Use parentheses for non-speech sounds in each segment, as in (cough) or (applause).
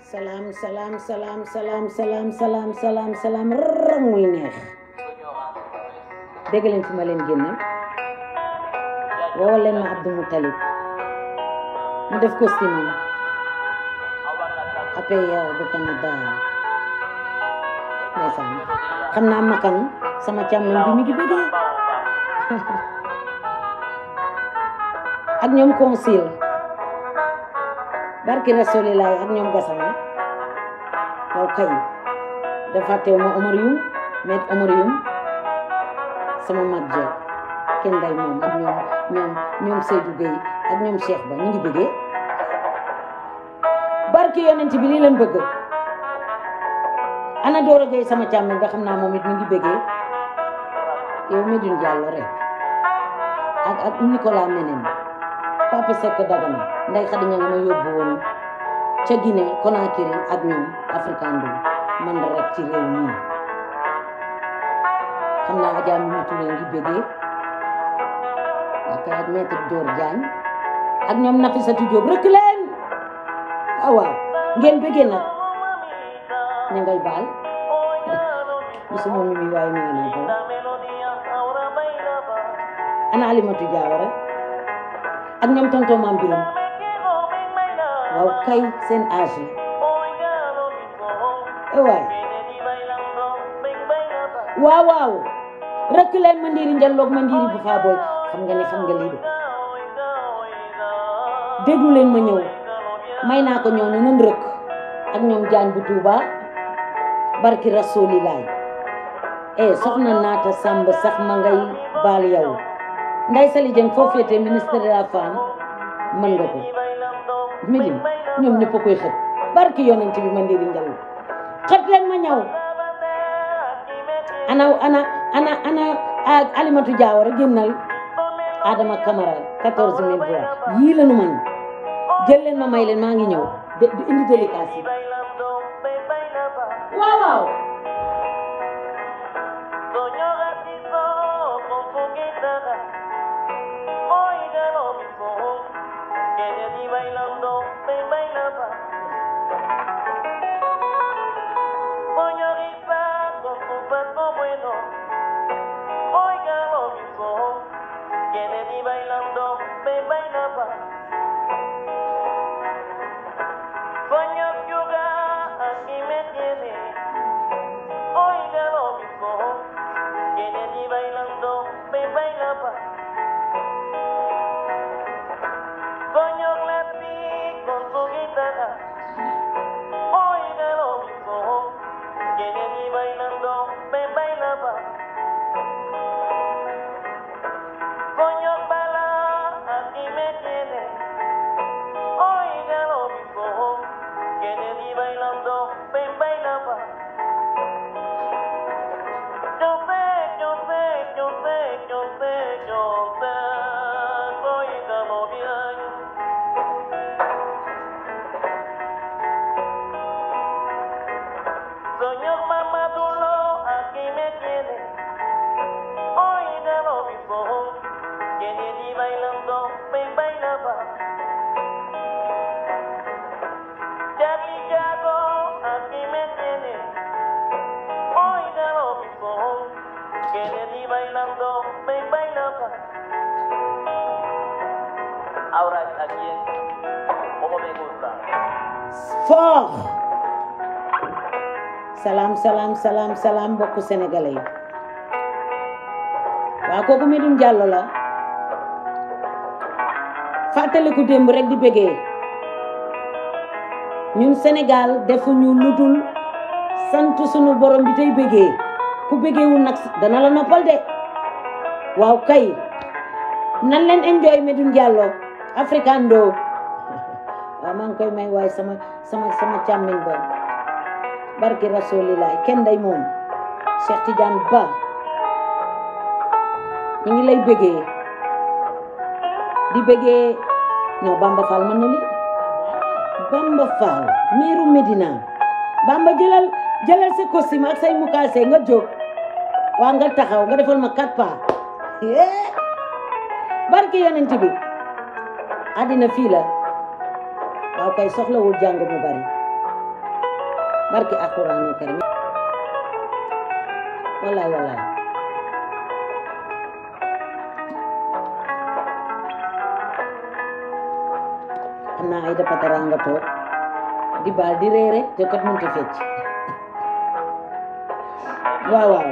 Salam, salam, salam, salam, salam, salam, salam, salam rr sama (laughs) barki rasulilaay ak ñoom gasama yow kay dafa ma Omar Youm met Omar Youm sama mag jeex kenn day moom ak ñoom ñoom ñoom Seydou Gueye ak ñoom Cheikh Ba ñu ngi bëggee barki yonent bi lii leen bëgg ana Doro Gueye sama càmmiñ ba xam naa moom it mu ngi bëggee yow Medoune Diallo rek ak ak Nicolas Meneen Papa sekk dagam nday xadi ña nga ma yóbbu woon ca Guinée Conakry ak ñoom Afrikando man rek ci réew mi xamna naa Adja ñu tuñu ngi bégee ak ak maître Dior Diagne ak ñom Nafisatu job rek leen awa ngeen bëggé nag ña ngay baal gisuma eh, ñu mi waaye mi na ko ana Alimatu Diawara ak ñoom tonton maam biram waaw kay seen âge yi eh waaw waaw rëkk leen ma ndiiri njalloog faa booy xam nga ne xam nga lii de déglu ma ñëw may naa ko ñëw ne nan rëkk ak ñoom jaan bu tuuba barki rasulilaay e eh, soxna naata sàmb sax ma ngay baal yow Ndeye Saly Dieng foo féetee ministre de la femme mën nga ko milim ñoom ñëpp a koy xët barki yonent bi ma ndiri njal xët leen ma ñaw ana ana ana ana Alimatu Diawara génnal Adama Camara quatorze mille voix yii la ñu mën jël leen ma may maa ngi ñëw indi délicace fort salaam salaam salaam salaam mbokku sénégalais yi waaw kooku Medoune Diallo la fàttaliku démb rek di bëggee ñun Sénégal defuñu lu dul sant sunu borom bi tey bëggee ku bëggeewul nag dana la noppal de waaw kay nan leen enjoy Medoune Diallo Africando koy may way sama sama sama chamin ba barki rasulillah ken day mom Cheikh Tidiane Ba ñu ngi lay bëggee di bëggee No Bamba Fall man na li Bamba Fall Miru Medina Bamba jëlal jëlal sa costume ak say mukase nga jóg wa nga taxaw nga defal ma quatre pas barki yonent bi àddina la kay soxlawul jang mu bari barki alxuraanu karim wala wala amna ay dafa tara nga toog di bal di re te kat munti fecc waaw waaw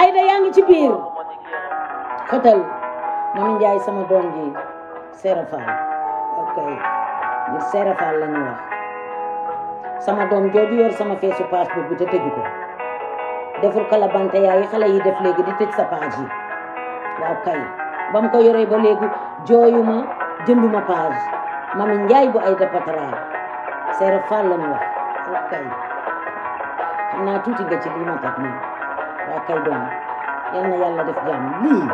ay da ngi ci biir xëtal Mami jay sama doom ji serafa okay ñu seerafaal la ñu wax sama doom jooju yor sama feesu passeport bi te tëju ko deful kalabante yaayu xale yi def léegi di tëj sa page yi waaw kay ba mu ko yoree ba léegi jooyuma jënduma page mami njaay bu ay dapataraay seerafaal la ñu wax waaw kay xam naa tuuti nga ci lii ma tax nii waaw kay doom yal na yàlla def jàmm lii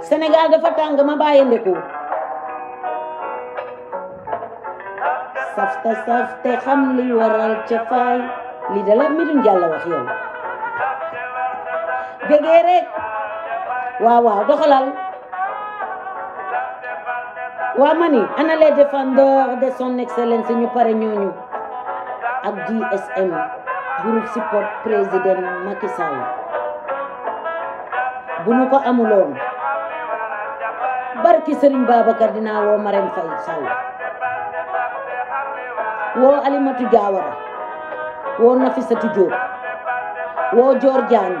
Sénégal dafa tàng ma bàyyi ndeku saf te saf te xam luy waral cafaay lii dala mi duñ jàll wax yow bégee rek waaw waaw waa mani ana les défendeurs de son excellence ñu pare ñooñu ak DSM groupe support président Macky Sall bu ñu ko amuloon barki Serigne Babacar dinaa woo Marème Faye woo Alimatu Jaawara woo Nafisatu Jóob woo Joor Jaañ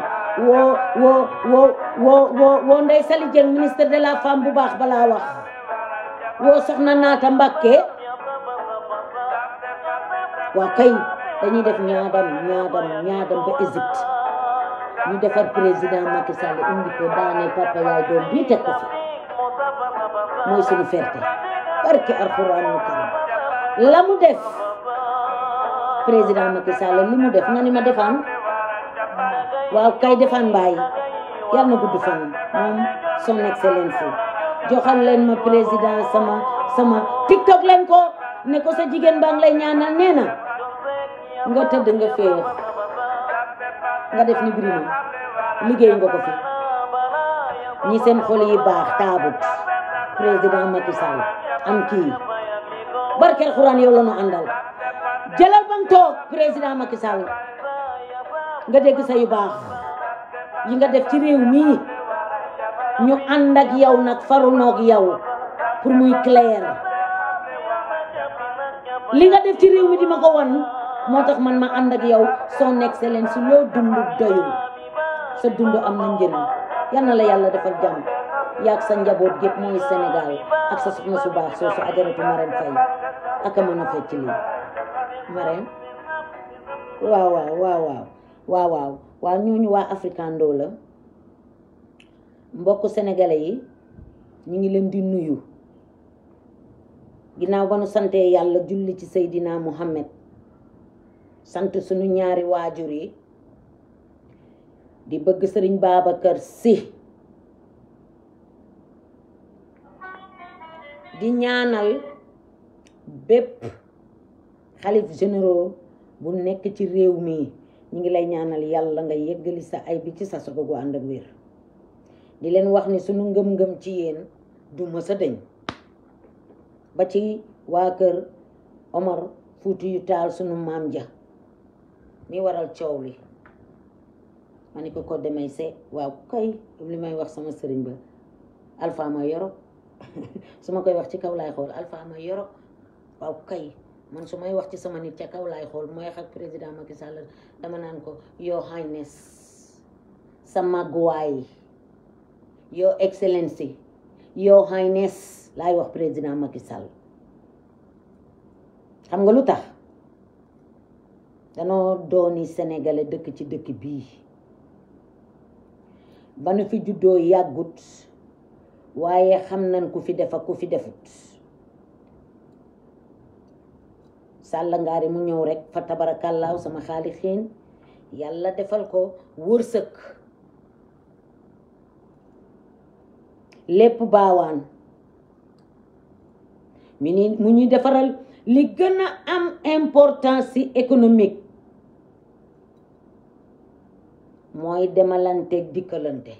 woo woo woo woo woo woo Ndey Sali Jeng ministre de la femme bu baax balaa wax woo Soxna Naata Mbàkke waa kay dañuy def ñaadam ñaadam ñaadam ba Égypte ñu defar président Macky Sall indi ko daane papa yaay doom bii teg ko fi mooy suñu ferte barke alxuraanu karim la mu def président Macky Sall li mu def nga ni ma defaan waaw kay defaan mbaay yàlla na gudd fan moom son excellence joxal leen ma président sama sama tiktok leen ko ne ko sa jigéen baa ngi lay ñaanal nee nga tëdd nga féex nga def ni birima liggéey nga ko fi ñi seen xol yi baax taabut président Macky am kii barke alquran yow ya la no andal, jëlal bang mu toog Macky Sall nga deg sa yu baax yi nga def ci rew mi ñu and ak yow nak faru nok yow pour muy clair li nga def ci rew mi di mako won motax man ma and ak yow son excellence lo dundu doyul sa dundu am na ya njëriñ yalla la yalla defal jamm Yak sa njaboot gépp mooy senegal ak sa soxna su baax soosu ajaratu Marème Faye ak wow wow wow fecc wow, wow waaw waaw waaw waaw waaw waaw wow ñooñu waa Afrikando la mbokk sénégalais yi ñu ngi leen di nuyu ginnaaw ba nu santee yàlla julli ci sayidina Muhammad sante suñu ñaari wajuri di bëgg sëriñ babakar si di ñaanal bép Khalif généraux bu nekk ci réew mi ñi ngi lay ñaanal yalla nga yeggali sa ay bi ci sa sogo gu ak wër di leen wax ni suñu ngëm-ngëm ci yeen du ma sa deñ ba ci wa kër Omar Fuuti yu taal suñu mam ja mi waral ciowli maniko ko demay sé waaw kay may wax sama sëriñ ba alpha ma yoro suma koy wax ci kaw lay xol Alpha ma yoro waaw kay man suma wax ci sama nit ci kaw lay xol moy wax president Macky Sall dama nan ko your highness sama guay your excellency your highness lay wax president Macky Sall xam nga lutax dano doni sénégalais dëkk ci dëkk bi. ba fi juddoo yàggut ya, waaye xam nañ ku fi defar ku fi defut sàlla mu ñëw rekk fa tabarakallaahu sama xaali xiin yàlla defal ko wërsëg lépp baawaan mu ni mu ñuy defaral li gën a am important ci économique mooy demalante dikkalante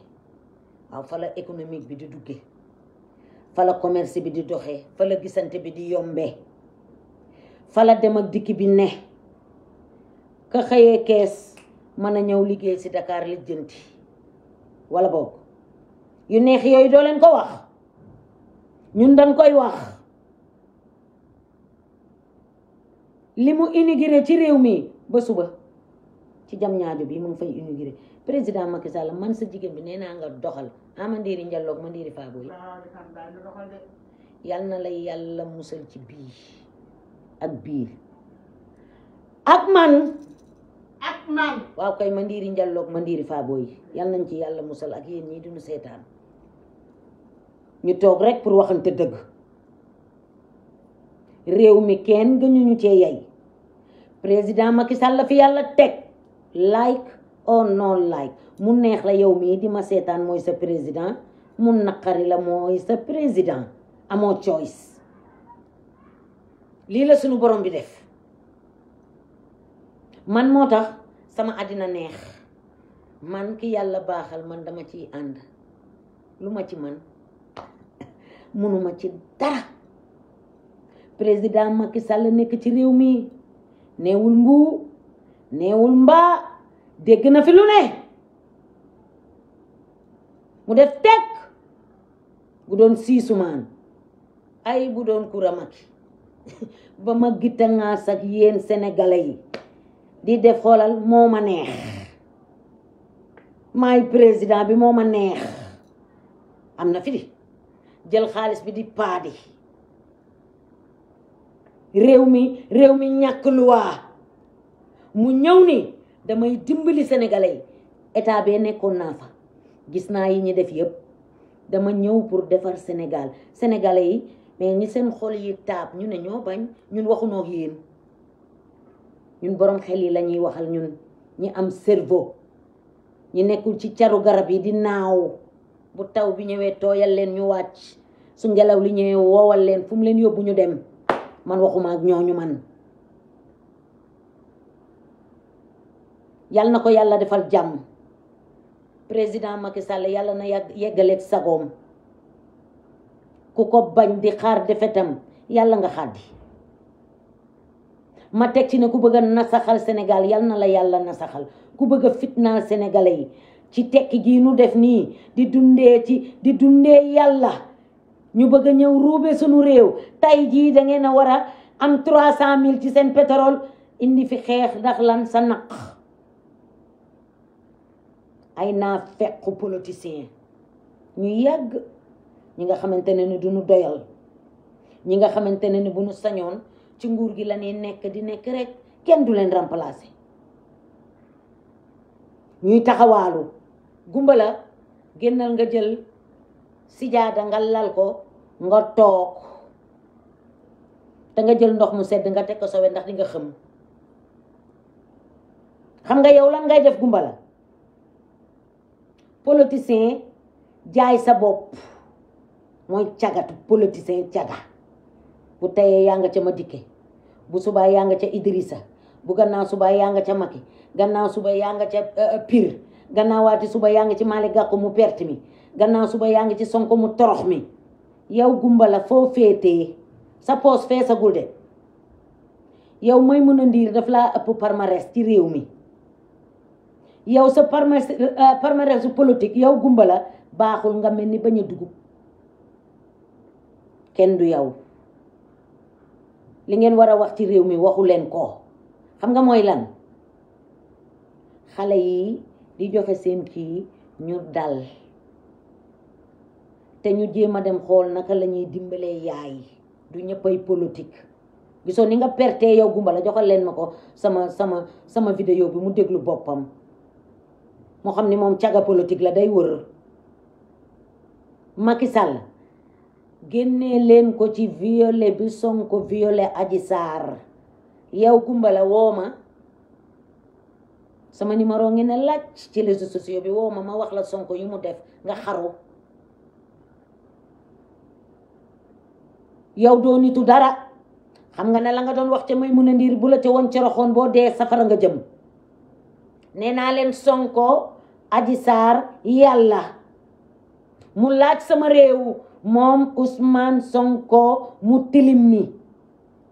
waaw fa la économique bi di duggee fa la commerce bi di doxee fa la gisante bi di yombee fa la dem ak dikk bi ne ka xëyee kees mën a ñëw liggéey ci Dakar lijjanti wala boog yu neex yooyu doo leen ko wax ñun dañ koy wax li mu inauguré ci réew mi ba suba ci jam ñaajo bi mu fay inauguré président Macky Sall man sa jigen bi nee nga doxal amandiiri ah, njalloog mandiiri fabo yi ah, na lay yalla musal ci bi ak bi ak man ak man waaw kay mandiiri njalloog mandiiri fabo yi ci yalla musal ak yéen ñii duñu setan ñu tok rek pour waxante deug rew mi kenn ñu ci yay président Macky fi yalla tek like or non like mu neex la yow mii di ma seetaan mooy sa président mu naqari la mooy sa président amoo choice lii la sunu borom bi def man moo tax sama àddina neex man ki yàlla baaxal man dama ciy ànd lu ma ci man munuma ci dara président Macky Sall nekk ci réew mi neewul mbuu neewul mbaa dégg na fi lu ne mu def tekk bu doon siisumaan ay bu doon kura maki (laughs) ba ma gittangaas ak yéen sénégalais yi di def xoolal moo ma neex maay président bi moo ma neex am na fi di jël xaalis bi di paadi réew mi réew mi ñàkk luwaa mu ñëw ni damay dimbali sénégalais yi état bee nekkoon naa fa gis naa yi ñu def yëpp dama ñëw pour defar Sénégal sénégalais yi mais ñi seen xol yi taab ñu ne ñoo bañ ñun waxunoo yéen ñun boroom xel yi lañuy ñuy waxal ñun ñi am servo ñi nekkul ci caru garab yi di naaw bu taw bi ñëwee tooyal leen ñu wàcc su ngelaw li ñëwee woowal leen fu mu leen yóbbu ñu dem man waxumaak ak ñooñu man yal na ko yàlla defal jàmm président Macky Sall yàlla na yeggaleeg sagoom ku ko bañ di xaar defetam yàlla nga xaddi ma teg ci ne ku bëgg a nasaxal Sénégal yal na la yàlla nasaxal ku bëgg a fitnaal sénégalais yi ci tekki gii nu def nii di dundee ci di dundee yàlla ñu bëgg ñëw ruube sunu réew tay jii dangeen ngeen a war a am trois cent mille ci seen pétrole indi fi xeex ndax lan sa naq ay na fekku politiciens ñu yàgg ñi nga xamantene ni duñu doyal ñi nga xamantene ni buñu sañoon ci nguur gi nekk di nekk rek kenn du leen remplacer ñuy taxawalu gumbala gennal nga jël sijaada nga lal ko nga tok da nga jël ndox mu sedd nga tek ko sowe ndax di nga xam xam nga yow lan ngay def gumbala politicien jaay sa bopp mooy cagatu politicien caga bu teyee yaa nga ca ma dikke bu subaa yaa nga ca Idrissa bu gannaa subaa yaa nga ca Macky gannaaw suba yaa nga ca euh, euh, Pire gannaaw waati suba yaa nga ci Malick Gakou mu perte mi gannaaw suba yaa nga ci Sonko mu torox mi yow gumba la foo féetee sa poos feesagul de yow mooy mën a ndiir daf laa ëpp palmarès ci réew mi yow sa palmarès euh, su politique yow gumba la baaxul nga mel ni bañ a dugub kenn du yow li ngeen war a wax ci réew mi waxu leen ko xam nga mooy lan xale yi di joxe seen kii ñu dal te ñu jéem a dem xool naka lañuy ñuy dimbalee yaay du ñëppay politique gisoo ni nga perte yow gumba la joxal leen ma ko sama sama sama vidéo bi mu déglu boppam moo xam ni moom caga politique la day wër Macky génnee leen ko ci violé bi Sonko violé Adji Sarr yow gumbala wooma sama numéro ngi ne laaj ci réseaux sociaux bi wooma ma wax la Sonko yu mu def nga xaru yow doo nitu dara xam nga ne la nga doon wax ca may mun a ndiir bu la ca woon coroxoon boo dee safara nga jëm nee naa leen Sonko aji sar yàlla iya mu laaj sama rew mom Usman Sonko mu tilim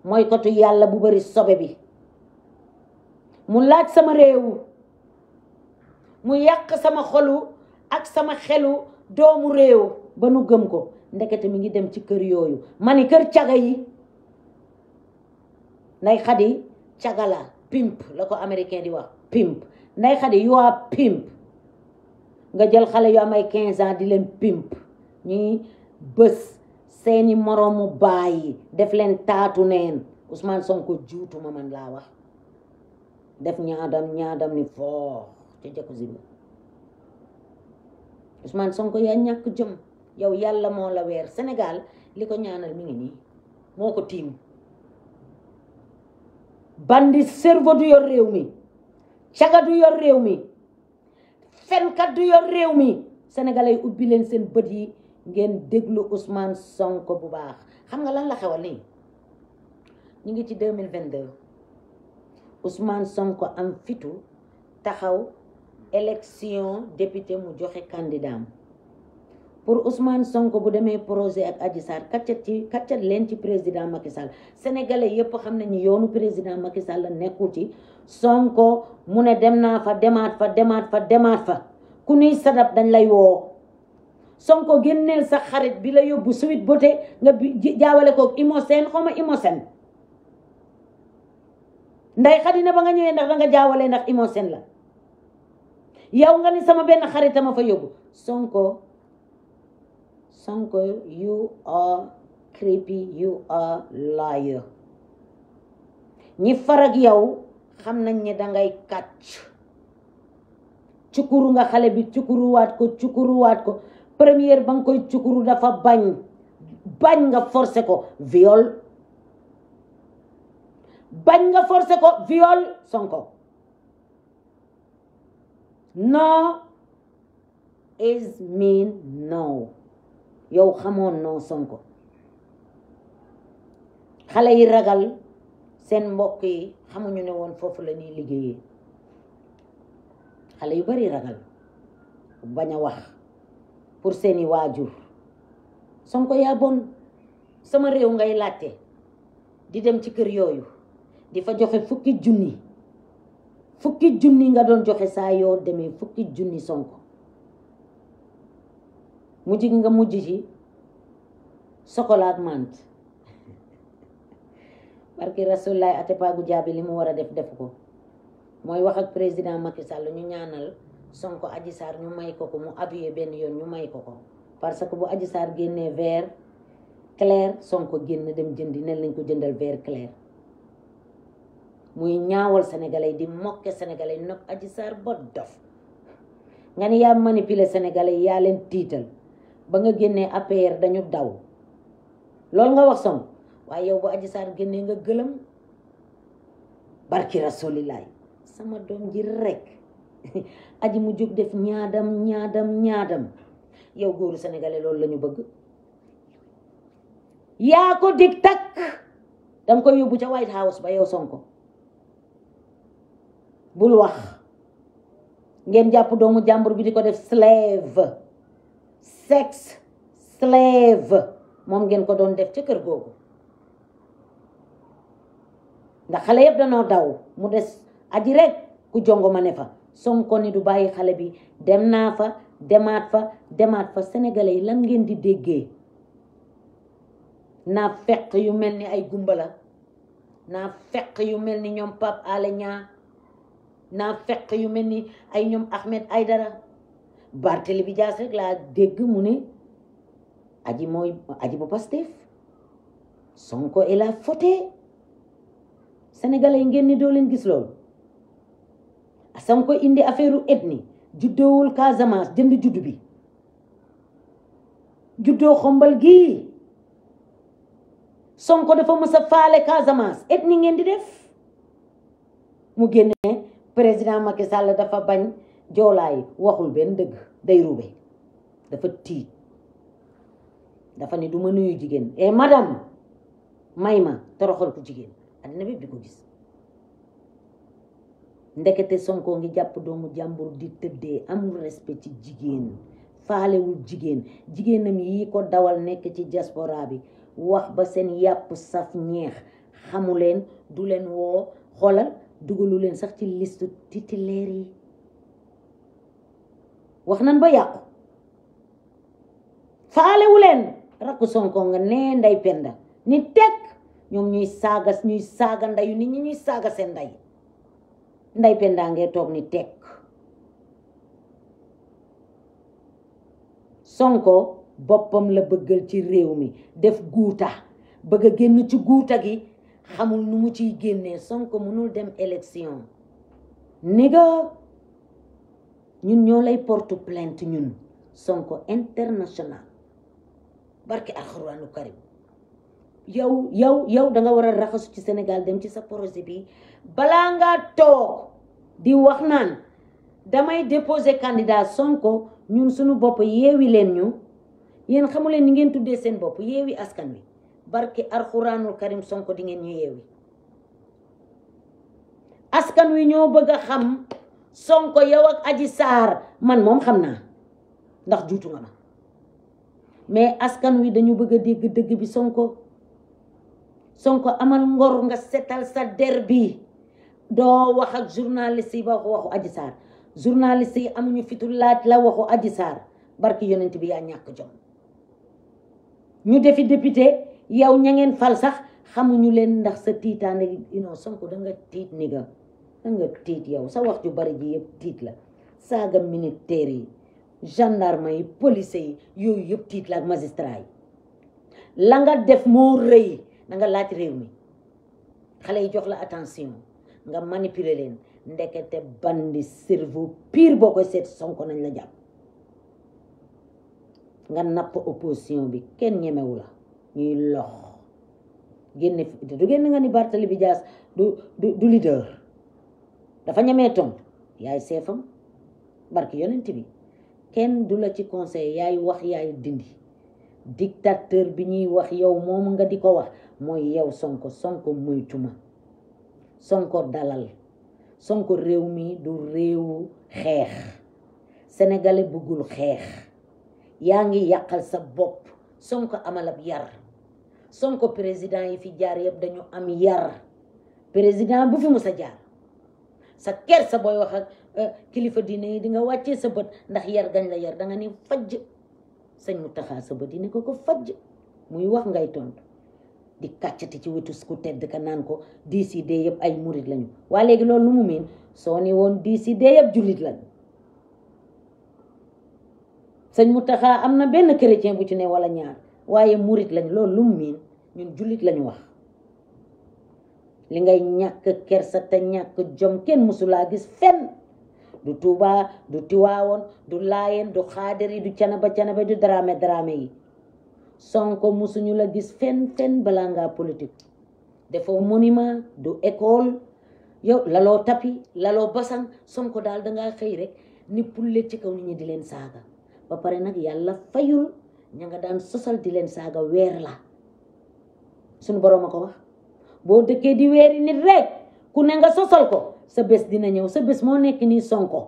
moy kotu yalla iya bu bari sobe bi mu laaj sama rew mu yak sama xolu ak sama xelu doomu rew ba nu gem ko ndekete mi ngi dem ci keur yoyu mani keur tiaga yi nay xadi tiagala pimp lako ko américain di wax pimp nay xadi you are pimp nga jël xalé yu amay 15 ans di len pimp ñi bëss seeni moromu bàyyi def len taatu neen Ousmane Sonko ma man la wax def ñaadam ñaadam ni fo ci jëkku si bi Ousmane Sonko ya ñak jëm yow yalla mo la wër Sénégal liko ñaanal mi ngi ni moko tim bandi cerveau du yor réew mi du yor réew fenkat du yor réew mi senegal yi ubbi seen bët yi ngeen déglu Ousmane Sonko bu baax xam nga lan la xewal nii ñu ngi ci 2022 Ousmane Sonko am fitu taxaw élection député mu joxe candidat pour Ousmane Sonko bu démé projet ak Adji Sarr kaccat ci kaccat leen ci président Macky Sall sénégalais yépp xam nañu yoonu président Macky Sall la nekkul Sonko mu dem na fa demat fa demat fa demat fa ku ñuy sadap dañ lay wo Sonko génneel sa xarit bi la yobbu suite bote nga jaawale koog Imosène xawma Imosène nday xadina ba nga ñëwé ndax da nga jaawalee ndax la yaw nga ni sama ben xaritama fa yobbu Sonko Sanko, you are creepy, you are liar. ñi farag yow xam nañ ne Chukuru nga xale bi cukuruwaat ko cukuruwaat ko Premier ba chukuru koy cukuru dafa bañ bañ nga forcé ko viol bañ nga forcé ko viol Sonko no is mean no yow xamoon noo Sonko xale yi ragal seen mbokk yi xamuñu ne woon foofu la ñuy liggéeyee xale yu bari ragal bañ a wax pour seeni waajur Sonko yaa bon sama réew ngay laajte di dem ci kër yooyu di fa joxe fukki junni fukki junni nga doon joxe saa yoo demee fukki junni Sonko mujj gi nga mujj ci chocolat mant (laughs) barki rasulaay Atepa Goudiaby li mu war a def def ko moy wax ak président Macky Sall ñu ñaanal Sonko Adji sar ñu may ko ko mu abuyé ben yoon ñu may ko ko parce que bu Adji sar vert clair Sonko dem jëndi ne lañ ko jëndal vert clair muy ñaawal sénégalais di mokke sénégalais nok Adji sar bo dof ngani ya mani manipuler sénégalais ya len titel ba nga génnee APR dañu daw loolu nga wax som waaye yow bu Adji Sarr génnee nga gëlëm barki rasulilaay sama doom ji rekk (laughs) aji mu jóg def ñaadam ñaadam ñaadam yow góoru sénégalais loolu lañu bëgg yaa ko dig takk danga koy yóbbu ca White House ba yow Sonko bul wax ngeen jàpp doomu jàmbur bi di ko def slave sex slave moom ngeen ko doon def ca kër googu ndax xale yëpp danoo daw mu des aji rek ku jongo ne fa Sonko ni du bàyyi xale bi dem naa fa demaat fa demaat fa sénégalais yi lan ngeen di déggee naa fekk yu mel ni ay gumbala naa fekk yu mel ni ñoom Pape Alé Niang naa fekk yu mel ni ay ñoom Ahmed Aïdara Barthélémy Dias rek laa dégg mu ne aji mooy aji bu Pastef Sonko et la fauté sénégalais yi ngeen ni doo leen gis loolu Sonko indi affaire ethnie juddoowul Casamance jënd juddu bi juddoo xombal gii Sonko dafa mës a faale Casamance ethnie ngeen di def mu génne président Macky Sall dafa bañ joolaay waxul benn dëgg day rube dafa tiit dafa ne du ma nuyu jigéen et eh, madame may ma toroxal ko jigéen àddina bi di ko gis ndekete Sonko ngi jàpp doomu jàmbur di tëddee amul respect ci jigéen faalewul jigéen jigéenam yi ko dawal nekk ci diaspora bi wax ba seen yàpp saf ñeex xamuleen du leen woo xoolal dugalu leen sax ci liste titulaire yi wax nan ba yàqu faalewu leen Sonko nga nee nday penda ni teg ñoom ñuy saaga ñuy saaga ndayu nit ñi ñuy saaga seen nday nday penda ngee toog ni teg Sonko boppam la bëggal ci réew mi def guuta bëgg a génn ci guuta gi xamul nu mu ciy génnee Sonko mënul dem élection ni nga ñun ñoo lay porte plainte ñun Sonko international barke alxuraanu karim yow yow yow danga war a raxasu ci Sénégal dem ci sa projet bi balaa nga toog di wax naan damay déposer candidat Sonko ñun suñu bopp yeewi leen ñu yéen xamu leen ni ngeen tuddee seen bopp yeewi askan wi barke alxuraanul karim Sonko di ngeen ñu yeewi askan wi ñoo bëgg a xam Sonko yow ak Adji man moom xam naa ndax juutu nga ma mais askan wi dañu bëgg a dégg dëgg bi Sonko Sonko amal ngor nga setal sa der bi doo wax ak journaliste yi ba waxu Adji Sarr journaliste yi amuñu fitu laaj la waxu Adji Sarr barki yonent bi yaa ñàkk jom ñu defi député yow ña ngeen fal sax xamuñu leen ndax sa tiitaane non Sonko da tiit ni nga danga tiit yow sa wax ju bari ji yëpp tiit la saaga militaire yi gendarme yi police yi yooyu yëpp tiit la ak magistrat yi la nga def moo rëy na laaj réew mi xale yi jox la attention nga manipuler leen ndekete bandi cerveau piir boo koy seet sonko nañ la jàpp nga napp opposition bi kenn ñemewu la ñuy lox génne du génn nga ni Barthélemy Dias du du leader dafa ñemee tontu yaay seefam barki yonent bi kenn du la ci conseil yaay wax yaay dindi dictateur bi ñuy wax yow moom nga di ko wax mooy yow sonko sonko moytuma sonko dalal sonko réew mi du réew xeex sénégalais bëggul xeex yaa ngi yàqal sa bopp sonko amalab ab yar sonko président yi fi jaar yëpp dañu am yar président bu fi musa jaar sa kersa booy wax ak eh, kilifa diine yi di nga wàccee sa bët ndax yar gañ la yar danga ni fajj sëñ mu taxaa sa bët yi ne ko ko fajj muy wax ngay tontu di kàccati ci wetu ku tedd ka naan ko DCD yëpp ay murit lañu waa léegi loolu lu mu miin soo ni woon DCD yëpp jullit lañu sëñ mu taxa am na benn chrétien bu ci ne wala ñaar waaye murit lañ loolu lu mu miin ñun jullit lañu wax li ngay kër sa ta ñak jom kenn musula gis fenn du tuba du tiwaawon du layen du xaadir yi du canaba ba du drame drame yi sonko musuñu la gis fenn fenn bala nga politique defo monument du école yo laloo tapi laloo basan sonko da nga xey rek ni pulle ci kaw nit ñi di len saga ba pare nak yalla fayul ña daan sosal di len saga weer la sunu borom wax boo dëkkee di weeri nit rek ku ne nga sosal ko sa bés dina ñëw sa bés moo nekk nii Sonko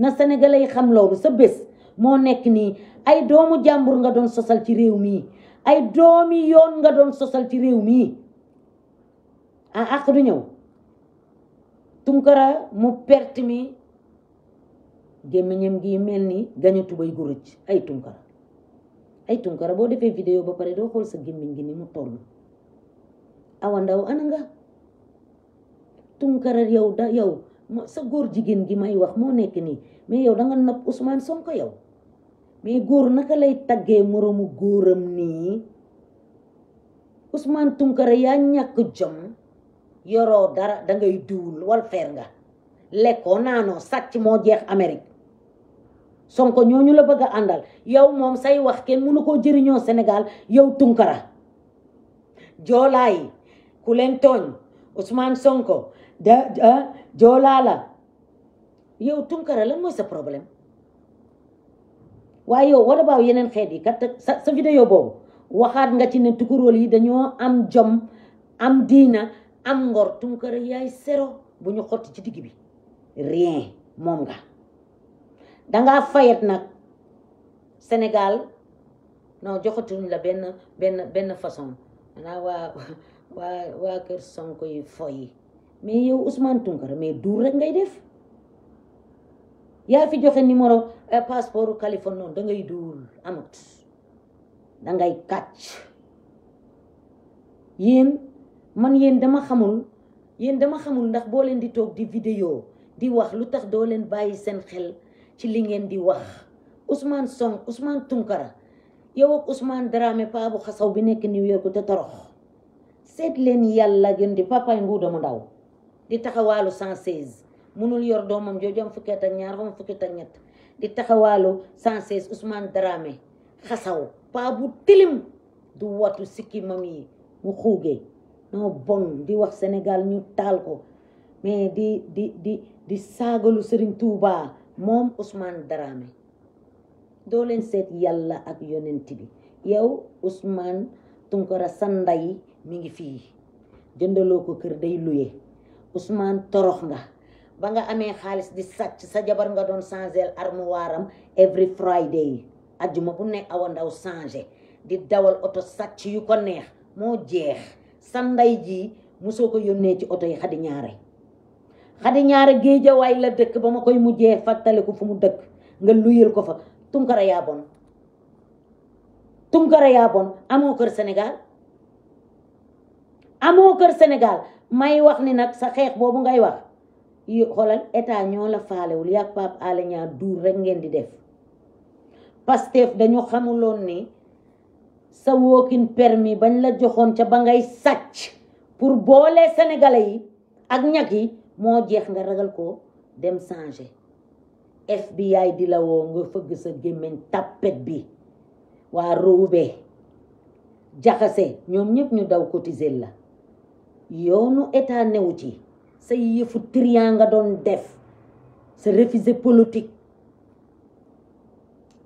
na sénégalais yi xam loolu sa bés moo nekk nii ay doomu jàmbur nga doon sosal ci réew mii ay doomi yoon nga doon sosal ci réew mii a ah, àq du ñëw Tunkara mu perte mi gémmiñam gi mel ni gañu tubay gu rëcc ay Tunkara ay Tunkara boo defee vidéo ba pare doo xool sa gémmiñ gi ni mu toll awan daw ananga Tungkara yow da yow sa góor jigéen gi may wax mo nek ni me yow da nga napp Ousmane Sonko yow mais góor naka lay tagge moroomu góoram ni usman tungkara ya ñàkk jom yoro dara ngay duwul wal fer nga leko nano sàcc mo jeex Amérique Sonko ñooñu la bëgg andal yow mom say wax ken mënu ko jëriño senegal yow Tunkara Kulenton, Usman Sonko, da, da, Jolala. Yow tun lan mo sa problem. Wa yow wala ba baaw yeneen xeet yi kat sa sa vidéo boobu waxaat nga ci ne tukurol yi dañu am jom am dina, am ngor Tunkara yaay sero bu ñu xotti ci digg bi rien mom nga nga fayet nak Senegal non joxatuñ la ben ben ben façon Na wa waa waa kër Sonko yi foyi mais yow Ousmane Tounkara mais duur rek ngay def yaa fi joxe numéro eh, passeport Californie noonu da ngay duur amut dangay ngay kàcc yéen man yéen dama xamul yéen dama xamul ndax boo leen di toog di vidéo di wax lu tax doo leen bàyyi seen xel ci li ngeen di wax Ousmane Sonko Ousmane Tounkara yow ak Ousmane Dramé pa xasaw bi nekk New York te torox seet leen yàlla gën di papaay nguuda ndaw di taxawaalu 116 mënul yor doomam jooju am fukki at ñaar xam fukki at ak ñett di taxawaalu 116 Ousmane Dramé xasaw paa bu tilim du watu sikkimam yi mu xuuge noo bon di wax Sénégal ñu taal ko mais di di di saagalu Serigne Touba moom Ousmane Dramé doo leen seet yàlla ak yonent bi yow Ousmane Tunkara sa ndey mi ngi fii jëndaloo ko kër day luye Ousmane torox nga ba nga amee xaalis di sàcc sa jabar nga doon changer armoire am every Friday ajjuma bu nekk awa ndaw changer di dawal oto sàcc yu ko neex moo jeex sa ndey ji mosoo ko yónnee ci oto yi xadi ñaare géejawaay la dëkk ba ma koy mujjee fàttaliku fu mu dëkk nga luyal ko fa tunkara yaa bon tunkara yaa bon amoo kër Sénégal amoo kër Sénégal may wax ni nag sa xeex boobu ngay wax yi xoolal état ñoo la faalewul yàgg Pape Alé Niang duur rek ngeen di def Pastef dañu xamuloon ni sa wokin permis bañ la joxoon ca ba ngay sàcc pour boole sénégalais yi ak ñag yi moo jeex nga ragal ko dem changer FBI di la woo nga fëgg sa gémmiñ tàppet bi waa roube jaxase ñoom ñëpp ñu daw cotiser la yoonu état new ci sa yëfu trian nga doon def sa refusé politique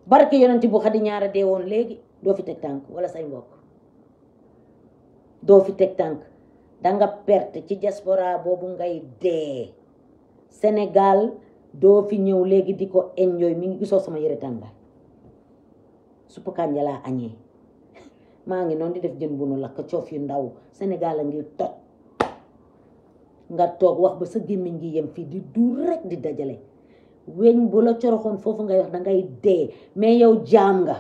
barke yonent bu xadi ñaara dee woon léegi doo fi teg tànk wala say mbokk doo fi teg tànk danga perte ci diaspora boobu ngay dee Sénégal doo fi ñëw léegi di ko enjoy mi ngi gisoo sama yëre tàngaay suppu kànja laa añee (laughs) maa ngi noonu di def jën bu nu lakk coof yu ndaw Sénégal a ngi toj nga tok wax ba sa gémmiñ gi yem fi di du rek di dajale weñ bu la coroxoon fofu ngay wax da ngay dé mais yow jam nga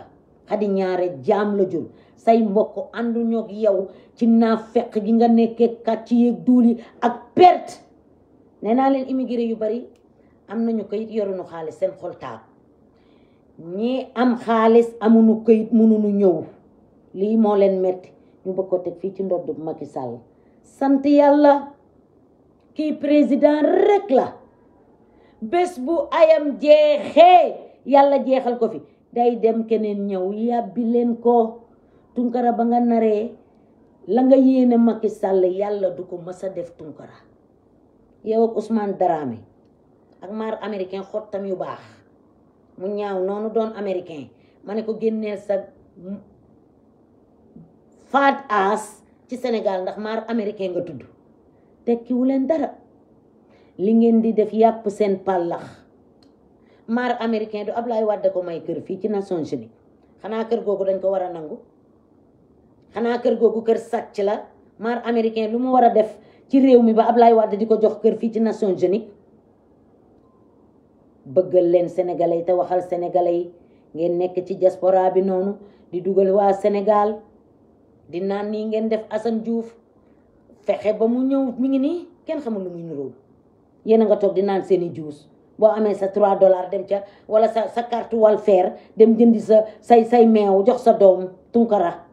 xadi ñaare jam la jur say mbokk ñok yow ci na fekk gi nga nekké katchi yeeg duli ak perte néna naa leen immigré yu bari am nañu kayit yoruñu xaaliss sen xol taab ñi am xaalis amuñu kayit ñu ñew li mo leen metti ñu ko ci ndodd Macky Sall sant yalla kii président rek la bés bu ayam jeexee yàlla jeexal ko fi day dem keneen ñëw yàbbi leen ko tunkara ba nga naree la nga yéene Macky Sall yàlla du ko mës a def tunkara yow ak Ousmane Darame ak maar américain xottam yu baax mu ñaaw noonu doon américain ma ne ko génneel sa faat aas ci Sénégal ndax maar américain nga tudd tekkiwu leen dara li ngeen di def yàpp seen pàllax maar américain du Ablaye Wade ko may kër fii ci Nations Unies xanaa kër googu dañ ko war a nangu xanaa kër googu kër la maar américain lu mu war def ci réew mi ba ablay Wade di ko jox kër fii ci Nations Unies bëggal leen sénégalais yi te waxal sénégalais ngeen nekk ci diaspora bi noonu di dugal waa Sénégal di naan nii ngeen def Assane fexé ba mu ñew mi ngi ni kenn xamul lu muy niróo yeena nga tok di naan seen i bo amé sa 3 dollars dem ca wala sa sa carte Walfare dem jëndi sa say say meew jox sa dom tunkara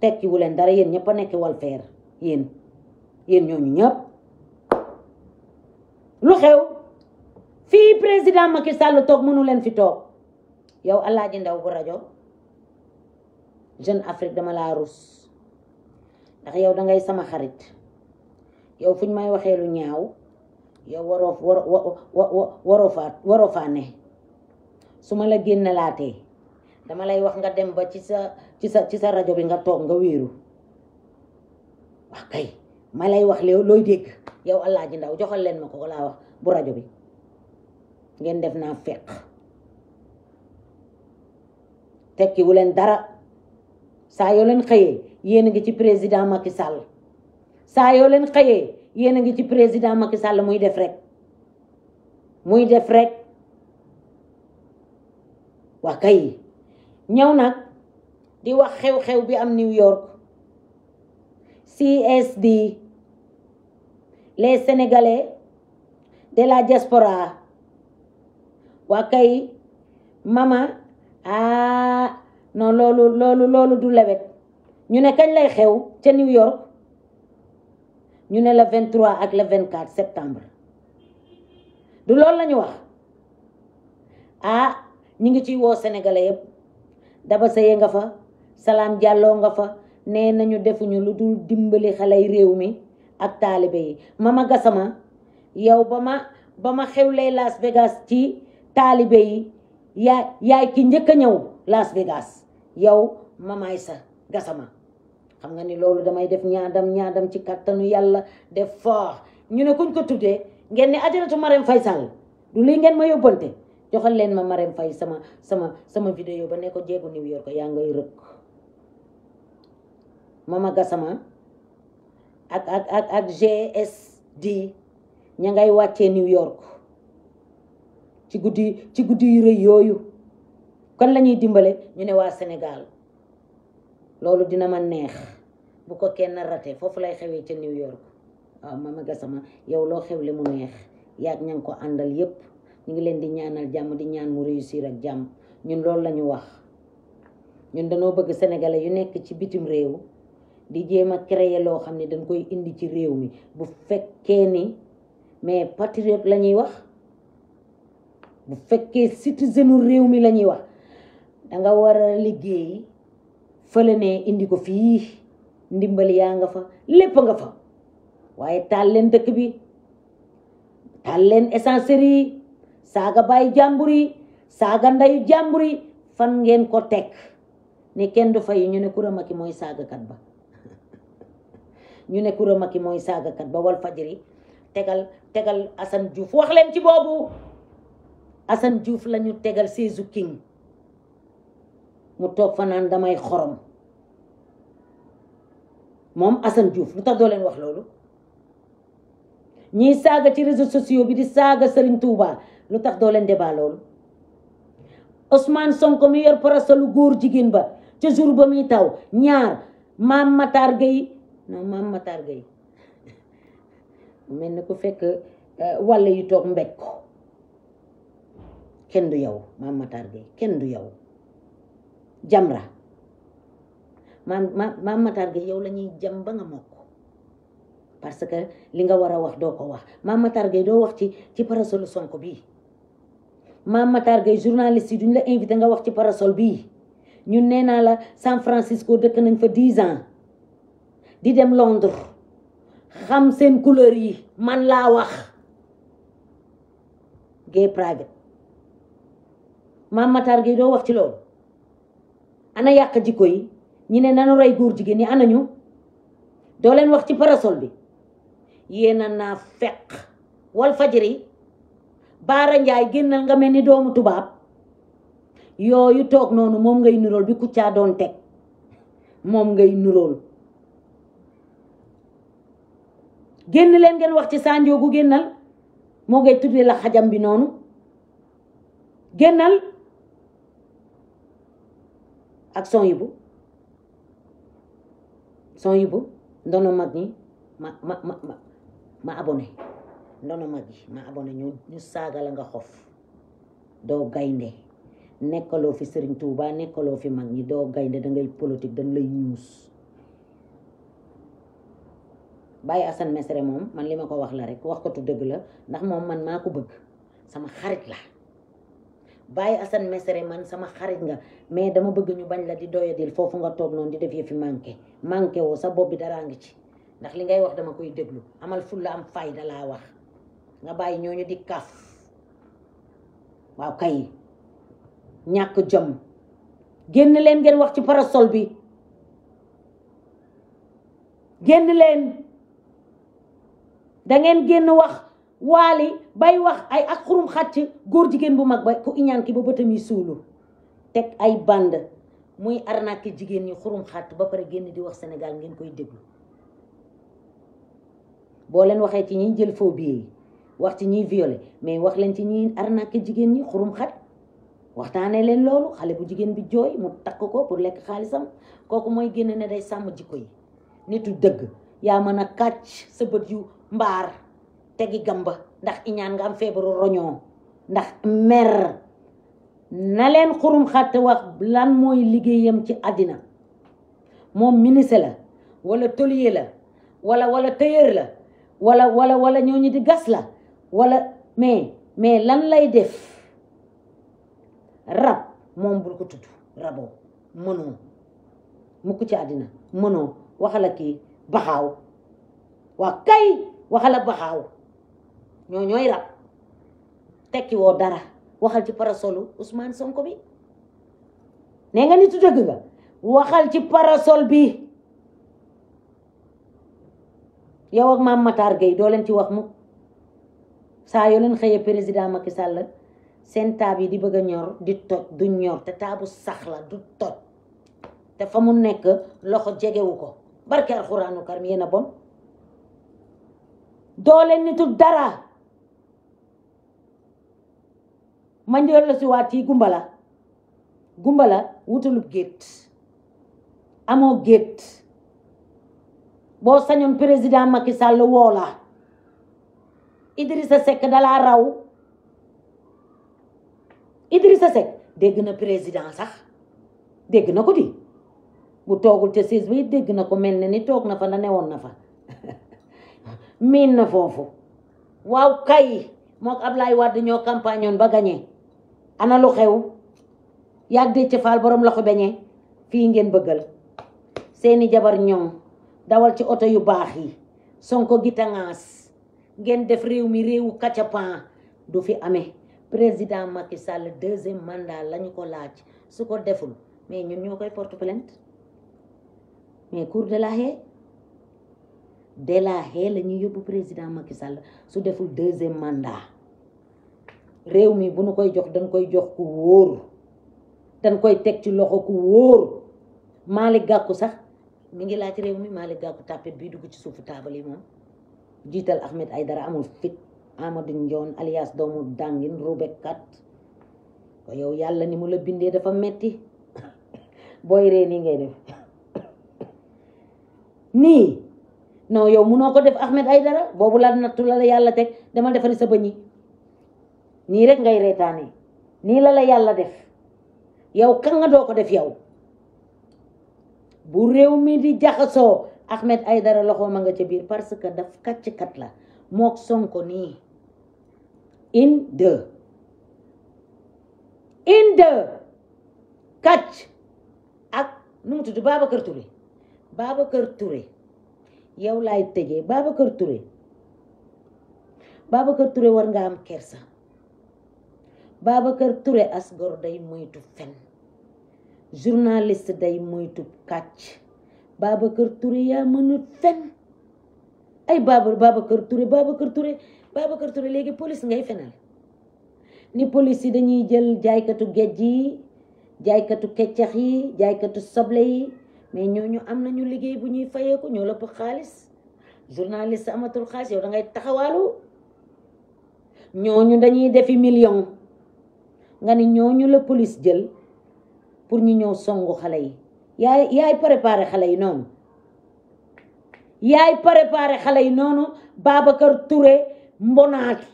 tekki wu len dara yeen ñepp nekk nekk Walfare yeen yéen ñooñu ñepp lu xew fi président Macky Sall tok mënu len fi tok yow Alaaji Ndaw bu radio Jeune Afrique dama la rousse ndax yow dangay sama xarit yow fuñ may waxee lu ñaaw yow waroo waroo faa waroo su ma la génne laatee dama lay wax nga dem ba ci sa ci sa ci sa rajo bi nga toog nga wéeru wax kay ma lay wax looy dégg yow allaaji Ndaw joxal leen ma ko laa wax bu rajo bi ngeen def naa fekk tekki leen dara saa yoo leen xëyee yéen a ngi ci président Macky Sall saa yoo leen xëyee yéen a ngi ci président Macky Sall muy def rek muy def rek waa kay ñëw nag di wax xew-xew bi am New York CSD le Sénégalais de la diaspora waa kay mama ah non loolu loolu loolu du lewet ñu ne kañ lay xew ca New York ñu ne la 23 ak le 24 septembre du loolu la ñu wax ah ñu ngi ciy woo sénégalais yëpp daba saye nga fa salaam jàlloo nga fa nee nañu defuñu lu dul dimbali xaley réew mi ak taalibe yi mama gasama yow ba ma ba ma xewlee Las Vegas ci taalibe yi yaay yaay ki njëkk a ñëw Las Vegas yow mamaay sa gasama xam nga ni loolu damay def ñaadam ñaadam ci kattanu yàlla def fort ñu ne kuñ ko tuddee ngeen ni ajaratu Marème Faye Sall du lii ngeen ma yóbbante joxal leen ma Marème fay sama sama sama vidéo ba ne ko jeegu New York ko yaa ngay rëkk mama gasama ak ak ak GSD ña ngay wàcce New York ci guddi ci guddi rëy yooyu kan lañuy dimbale ñu ne waa Sénégal loolu dina ma neex bu ko kenn rate foofu lay xewee ca New York waaw Mama Gassama yow loo xew xewle mu neex yaag ña ngi ko àndal yépp ñu ngi leen di ñaanal jàmm di ñaan mu réussir ak jàmm ñun loolu la ñu wax ñun dañoo bëgg sénégalais yu nekk ci bitim réew di jéem a créer loo xam ne dañ koy indi ci réew mi bu fekkee ni mais patriote la ñuy wax bu fekkee citizenu réew mi la ñuy wax da nga wara liggey fele ne indi ko fi ndimbal ya nga fa lepp nga fa waye talen dekk bi talen essenceri saga bay jamburi saga nday jamburi fan ngeen ko tek ne kenn du fay ñu ne ramaki moy saga kat ba (laughs) ñu ne ramaki moy saga kat ba wal fajri, tegal tegal asan Diouf wax len ci bobu asan Diouf la tegal sezu King mu toog fanaan damay xorom moom Assane Diouf lu tax doo leen wax loolu ñiy saaga ci réseaux sociaux bi di saaga Serigne Touba lu tax doo leen débat loolu Ousmane Sonko mi yor parasolu góor jigéen ba ca jour ba muy taw ñaar maam Matar Gueye non mel ni ku fekk euh, wàll yu toog mbéj ko kenn du yow maam Matar Gueye kenn du yow jamra maam maam Matar Gueye yow la ñuy jam ba nga mokk parce que li nga war a wax doo ko wax maam Matar Gueye doo wax ci ci parasolu Sonko bii maam Matar Gueye journaliste yi duñ la invité nga wax ci parasol bii ñun nee naa la San Francisco dëkk nañ fa 10 ans di dem Londres xam seen couleur yi man laa wax gay private maam Matar Gueye doo wax ci loolu ana yàq jikko yi ñi ne nanu rey góor jigéen ñi ana ñu doo leen wax ci parasol bi yéena naa fekk wal fajiri baara njaay génnal nga mel ni doomu tubaab yooyu toog noonu moom ngay nurool bi kuccaa doon teg moom ngay nurool génn leen ngeen wax ci sanjoogu génnal moo ngay tuddee la xajam bi noonu génnal ak son yi bu son yi bu ndono mag ñi ma ma ma ma ndono mag yi ma abonné ñu saaga la nga xof doo gaynde nekkaloo fi Sëriñ Tuubaa nekkaloo fi mag ñi doo gaynde dangay politique dañ la ñuus Baye Assane Mesere moom man li ma ko wax la rek wax ko tu dëgg la ndax moom man maa ko bëgg sama xarit la baye asan Mesere man sama xarit nga mais dama bëgg ñu bañ la di doyadil fofu nga tok non di def yefi manké manké wo sa bobbi dara nga ci ndax li ngay wax dama koy déglu amal fulla am fayda la wax nga baye ñoñu di kaf waaw kay ñak jom genn leen genn wax ci parasol bi genn leen da ngeen genn wax wali bay wax ay ak xurum xàcc góor jigéen bu mag ba ku iñaan ki ba bëtam yi suulu teg ay band muy arnaque jigéen ñi xurum xat ba pare génn di wax Sénégal ngeen koy déglu boo leen waxee ci ñiy jël faux yi wax ci ñiy violé mais wax leen ci ñiy arnaque jigéen ñi xurum xat waxtaanee leen loolu xale bu jigéen bi jooy mu takk ko pour lekk xaalisam kooku mooy génn ne day sàmm jikko yi nitu dëgg yaa mën a kàcc sa bët yu mbaar tegi gamba ndax iñaan nga am feebaru roñoo ndax mer na leen xurum xàtte wax lan mooy liggéeyam ci àddina moom ministre la wala tôlier la wala wala tailleur la wala wala wala ñoo ñu di gas la wala mais mais lan lay def rab moom bul ko tudd raboo mënoo mukk ci àddina mënoo waxala kii baxaaw waa kay waxala baxaaw ñoo ñoy la tekki wo dara waxal ci parasolu Ousmane Sonko bi ne nga nitu deug nga waxal ci parasol bi yow ak mam Matar gay do len ci wax mu sa yo len xeye president Macky Sall sen taab di bëgg ñor di toj du ñor te taabu sax la du toj te fa mu loxo jégué wuko barke alxuraanu karim yena bon nitu dara ma njëriñ si waat yi gumbala gumbala wutalub géet amoo géet boo sañoon président Macky Sall woo la Idrissa Seck dalaa raw Idrissa Seck dégg na président sax dégg na ko di bu toogul te siis bi dégg na ko mel ne ni toog na fa ne woon na fa (laughs) miin na foofu waaw kay mook Ablaye Wade ñoo campagne ba gagné ana xew yàgg Déthié Fall borom loxo beñe fii ngeen bëggal seeni jabar ñoŋ dawal ci oto yu baax yi Sonko gi tangaas ngeen def réew mi réewu kacapan du fi amee président Macky Sall deuxième mandat lañu ko laaj su ko deful mais ñun ñoo koy porte plainte mais cour de la de la haie la ñuy yóbbu président Macky Sall su deful deuxième mandat rew mi bu nu koy jox dañ koy jox ku wor dañ koy tek ci loxo ku wor malik Gakou sax mi ngi laati rew mi malik Gakou tapet bi dugg ci suufu taabal yi mom Ahmed dara amul fit Amadou ndion alias dangin rubek kat ko yow yalla ni mu la bindé dafa metti boy re no ngay def ni no yow munoo ko def Ahmed dara bobu la nattu la yalla tek demal sa bañi nii rek ngay reetaane nii la yàlla def yow kan nga doo ko def yow bu réew mi di jaxasoo ay dara loxoom a nga ca biir parce que daf kàcc-kat la mook Sonko nii in deux in deux kàcc ak nu mu tudd Babacar Touré Babacar Touré yow laay tëjee Babacar Touré Babacar Touré war nga am kersa Babacar Touré as gor day moytu fen journaliste day moytu kàcc Babacar Touré yaa mënut fen ay Baba Babacar Touré Babacar Touré Babacar Touré léegi police ngay fenal ni police yi dañuy jël jaaykatu géej yi jaaykatu keccax yi jaaykatu sable yi mais ñooñu am nañu liggéey bu ñuy fayeeku ñoo lëpp xaalis journaliste amatul xaalis yow da ngay taxawaalu ñooñu dañuy defi million nga ni ñu la police jël pour ñu ñëw songu xale yi yaay yaay préparé xale yi noonu yaay préparé xale yi noonu Babacar Touré mbonaat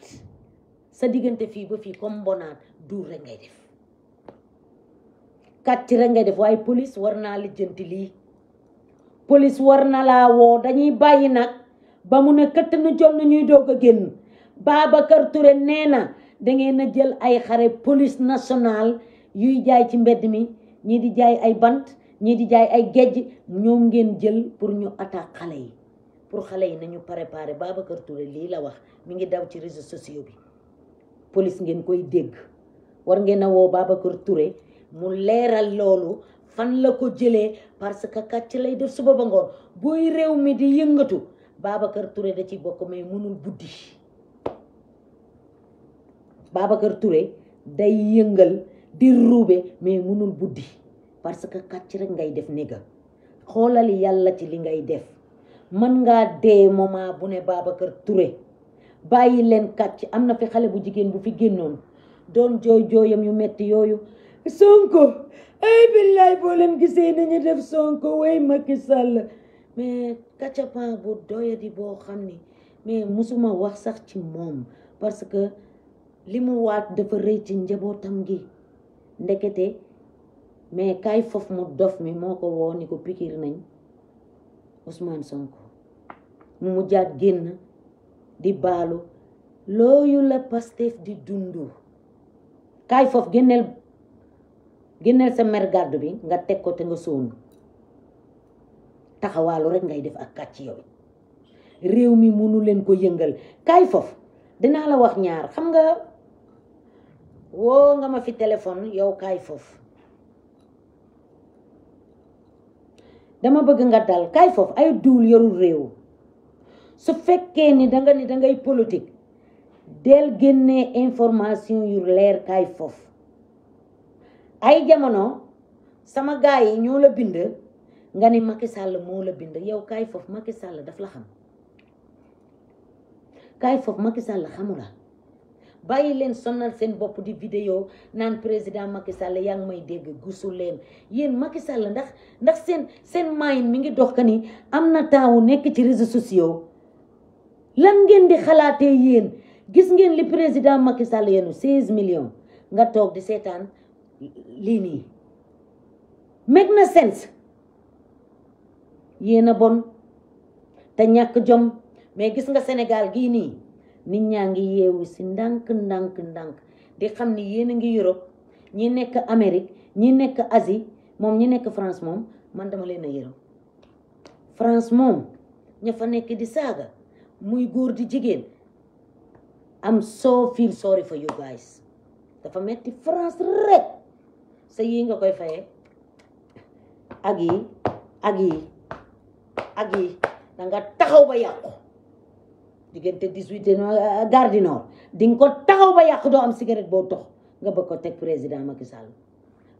sa diggante fii ba fii comme mbonaat duur rek ngay def kàcc rek ngay def waaye police war naa lijjanti lii polis war na laa woo dañuy bàyyi nag ba mu ne këtt nu jom na ñuy doog a génn Babacar Touré nee na dangeen a jël ay xare police nationale yuy jaay ci mbedd mi ñii di jaay ay bant ñii di jaay ay gejj ñoom ngeen jël pour ñu attaque xale yi pour xale yi nañu préparé kër Touré lii la wax mu ngi daw ci réseaux sociaux bi police ngeen koy dégg war ngeen a woo kër Touré mu leeral loolu fan la ko jëlee parce que kàcc lay def suba ba ngoon booy réew mi di yëngatu Babacar Touré da ci bokk mais mënul buddi baaba kër Touré day yëngal di ruube mais mënul buddi parce que kàcc rek ngay def néga xoolal yàlla ci li ngay def man ngaa dee moment bu ne kër Touré bàyyi leen kàcc am na fi xale bu jigéen bu fi génnoon doon jooy jooyam yu metti yooyu Sonko ay billaay boo leen gisee nañu def Sonko way Macky Sall mais kacapan bu doyadi boo xam ni mais musuma wax sax ci moom parce que li mu waat dafa rëy ci njabootam gi ndekete mais kay foofu mu dof mi moo ko woo ni ko pikir nañ Ousmane Sonko mu mujjaat génn di baalu looyu la Pastef di dundu kaay foofu génneel génneel sa mer gàddu bi nga teg ko te nga sóonu taxawaalu rek ngay def ak kàcc yow réew mi mënu leen ko yëngal kaay foofu dinaa la wax ñaar xam nga woo nga ma fi telefon yow kaay foofu dama bëgg nga dal kaay foofu ay duul yorul réew su fekkee ni danga ni dangay politique del génnee information yu leer kaay foofu ay jamono sama gaa yi ñoo la bind nga ni Macky Sall moo la bind yow kaay foofu Macky Sall daf la xam kaay foofu Macky Sall xamula bàyyi leen sonal seen bopp di vidéo naan président Macky Sall yaa ngi may dégg gusu leen yéen Macky Sall ndax ndax seen seen mayin mi ngi dox ka ni am na taawu nekk ci réseaux sociaux lan ngeen di xalaatee yéen gis ngeen li président Macky Sall yenu 16 nga toog di seetaan lii nii make na sens yéen a bon te ñàkk jom mais gis nga Sénégal gii nii nit ñaa ngi yeewu si ndànk ndànk ndànk di xam ni yéen a ngi Europe ñi nekk Amérique ñi nekk asi moom ñi nekk France moom man dama leen a yërëm France moom ña fa nekk di saaga muy góor di jigéen am soo feel sorry for you guys dafa metti France rek sa yii nga koy faye ak yi ak yi ak yi danga taxaw ba yàqu diggante 18 euh, gare du nord di dinga ko taxaw ba yàq doo am cigarette boo tox nga bëgg ko teg président Macky Sall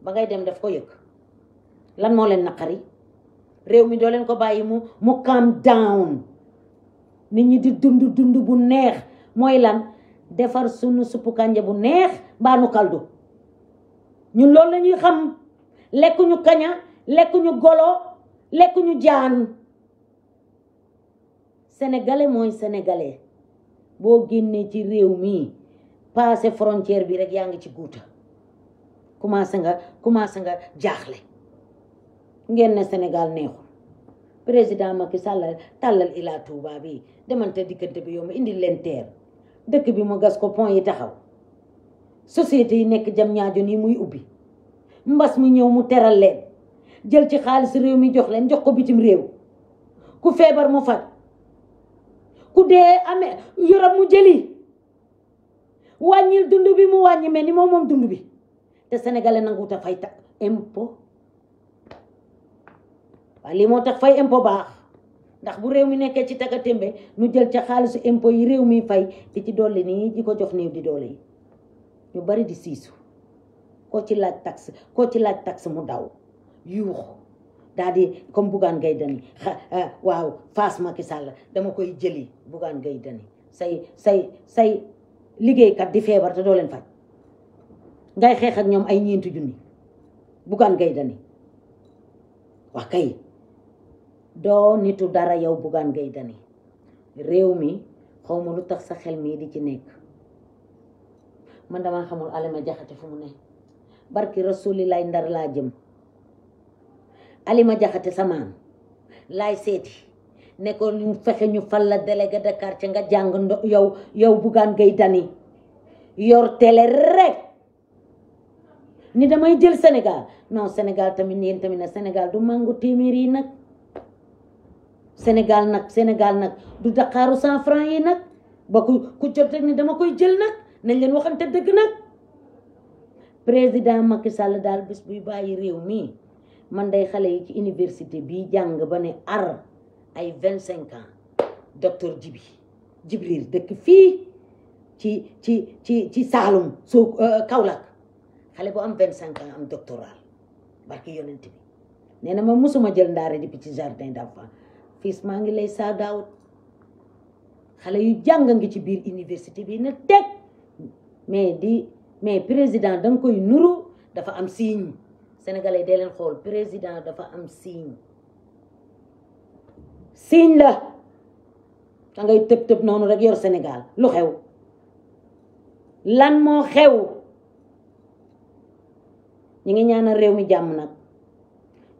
ba ngay dem daf ko yëg lan moo leen naqari réew mi doo leen ko bàyyi mu mu calm down nit ñi di dund dund bu neex mooy lan defar sunu suppu kànja bu neex mbaa nu kaldu ñun loolu la xam lekkuñu kaña lekkuñu golo lekkuñu jaan sénégalais mooy sénégalais boo génnee ci réew mi passé frontière bi rek yaa ngi ci guuta commencé nga commencé nga jaaxle ngeen ne Sénégal neexul président Macky Sall tàllal ilaa Touba bi demante diggante bi yow ma indil leen teer dëkk bi mu gas ko pont yi taxaw société yi nekk jam ñaajo nii muy ubbi mbas mu ñëw mu teral leen jël ci xaalis réew mi jox leen jox ko bitim réew ku feebar mu faj ku dee ame yorob mu jëli wàññil dund bi mu wàññi mais ni moom moom dund bi te sénégalais nanguwut a fay impôt waaye lii moo tax fay impôt baax ndax bu réew mi nekkee ci taka nu jël ca xaalisu impo yi réew mi fay di ci dolli nii di ko jox néew di doole ñu bari di siisu koo ci laaj taxe koo ci laaj taxe mu daw yuuxu daal comme Bougane Gueye Dany euh, waaw face Macky Sall dama koy jëli Bougane Gueye Dany say say say liggéeykat di feebar te doo leen faj ngay xeex ak ñoom ay ñeenti junni Bougane Gueye Dany wax kay doo nitu dara yow Bougane Gueye Dany réew mi xaw ma lu tax sa xel mii di ci nekk man damaa xamul Alima Jaxate fu mu ne barki lay ndar laa jëm Alima Jaxate sa mam lay seti ne ko ñu fexé ñu fal la délégué de quartier nga jang ndo yow yow gan Gueye dani yor télé rek ni damay jël Sénégal non Sénégal tamit yéen tamit na Sénégal du màngu timiri nak Sénégal nak Sénégal nak du dakaru 100 francs yi nak ba ku ku jot rek ni dama koy jël nak nañ leen waxante deug nak président Macky Sall bis buy rew mi man day xale yi ci université bi jàng ba ne ar ay vingt cinq ans docteur Jibi Jibril dëkk fii ci ci ci ci Saalum soo euh, Kaolack xale bu am vingt cinq ans am doctoral barki yonent bi nee na ma musuma jël ndaare depuis ci jardin d'enfants fils maa ngi lay saa daawut xale yu jàng ngi ci biir université bi na teg mais di mais président danga koy nuru dafa am signe Senegal dee leen xool président dafa am signe signe la da ngay tepp tepp nonu rek yor Sénégal lu xew lan mo xew ñi ngi ñaanal rew mi jamm nak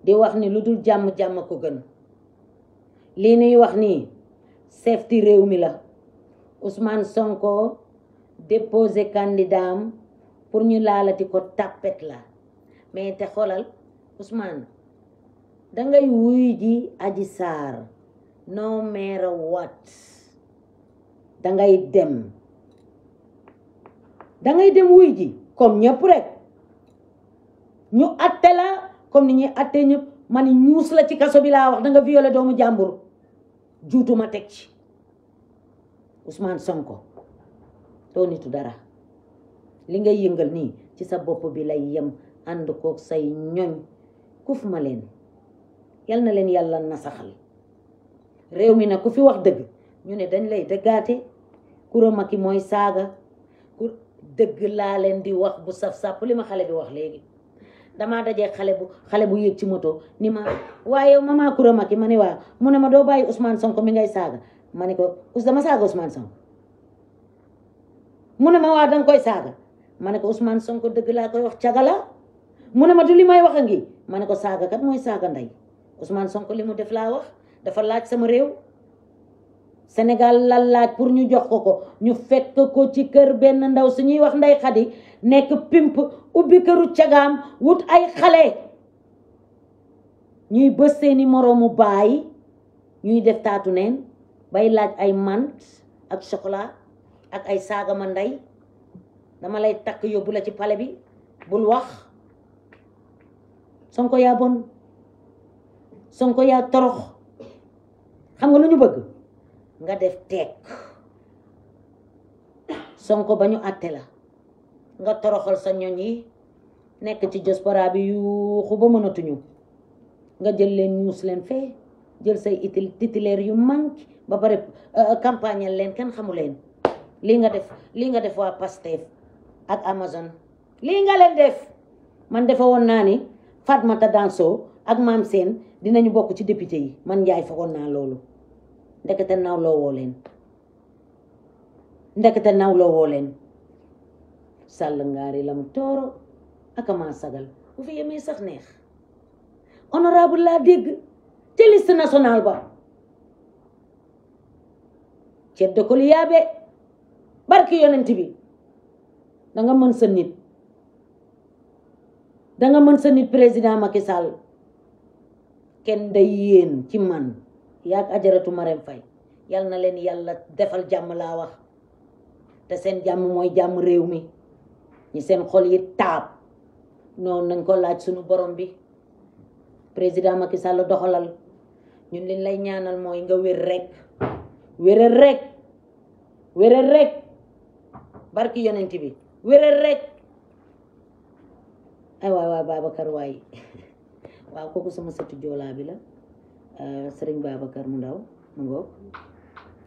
di wax ni lu dul jamm ko gën li ni, wax ni safety rew mi la Ousmane Sonko déposer candidat pour ñu laalati ko la mais té xolal Ousmane ngay wuy ji aji no matter what ngay dem ngay dem wuy di comme ñëpp rek ñu atté la comme ni ñi atté ñëpp man ñuus la ci kaso bi la wax nga violer doomu jambour juutuma tek ci Ousmane Sonko doo nitu dara li ngay yëngal ni ci sa bop bi lay yëm ànd kook say ñoñ kuf ma leen yal na leen yàlla nasaxal réew mi nag ku fi wax dëgg ñu ne dañ lay dëggaate kura maki mooy saaga ku dëgg laa leen di wax bu saf sàpp li ma xale bi wax léegi damaa dajee xale bu xale bu yéeg ci moto ni ma waaye ma mama kura maki ma ne waa mu ne ma doo bàyyi Ousmane sonk mi ngay saaga ma ne ko us dama saaga mu ne ma waa danga koy saaga ma ne ko Ousmane Sonko dëgg laa koy wax cagala mune ma julli may wax ngi mané ko saga kat moy saga nday Ousmane Sonko limu def la wax dafa laaj sama rew senegal la laaj pour ñu jox ko ko ñu fekk ko ci kër ben ndaw suñu wax nday xadi nek pimp ubbi këru tiagam wut ay xalé ñuy buseni seeni moromu bay ñuy def tatu neen bay laaj ay mant ak chocolat ak ay saga ma nday dama lay tak yobula ci palé bi bul wax Sonko ya bon Sonko ya torox xam nga luñu bëgg nga def tek Sonko bañu atté la nga toroxal sa ñoon yi nek ci diaspora bi yuuxu ba mënatuñu nga jël leen leen fé jël say itil titulaire yu manki ba bare campagne eh, eh, leen kenn xamu leen nga def li nga def wa Pastef ak Amazon li nga leen def man defawon naani Fatmata Danso ak maam seen dinañu bokk ci député yi man Njaay fagoon naa loolu ndekete naw loo ndekete naw loo woo leen sàll ngaari lam tooro ak sagal bu fi yemee sax neex honorable laa dégg ci liste nationale ba ceddo ko yaabe barki yonent bi danga mën sa nit da nga mën sa nit président Macky Sall ken day yeen ci man yak ajaratu marem fay yal na len yalla defal jàmm la wax te sen jàmm moy jàmm rew mi ñi sen xol yi tab non nañ ko laaj suñu borom bi président Macky Sall doxalal ñun liñ lay ñaanal moy nga wër rek wéral rek rek barki yonent bi wéral rek ay waay waay Babacar waay waaw kooku sama sëtu joolaa bi la euh, sëriñ kër mu ndaw mu ngoog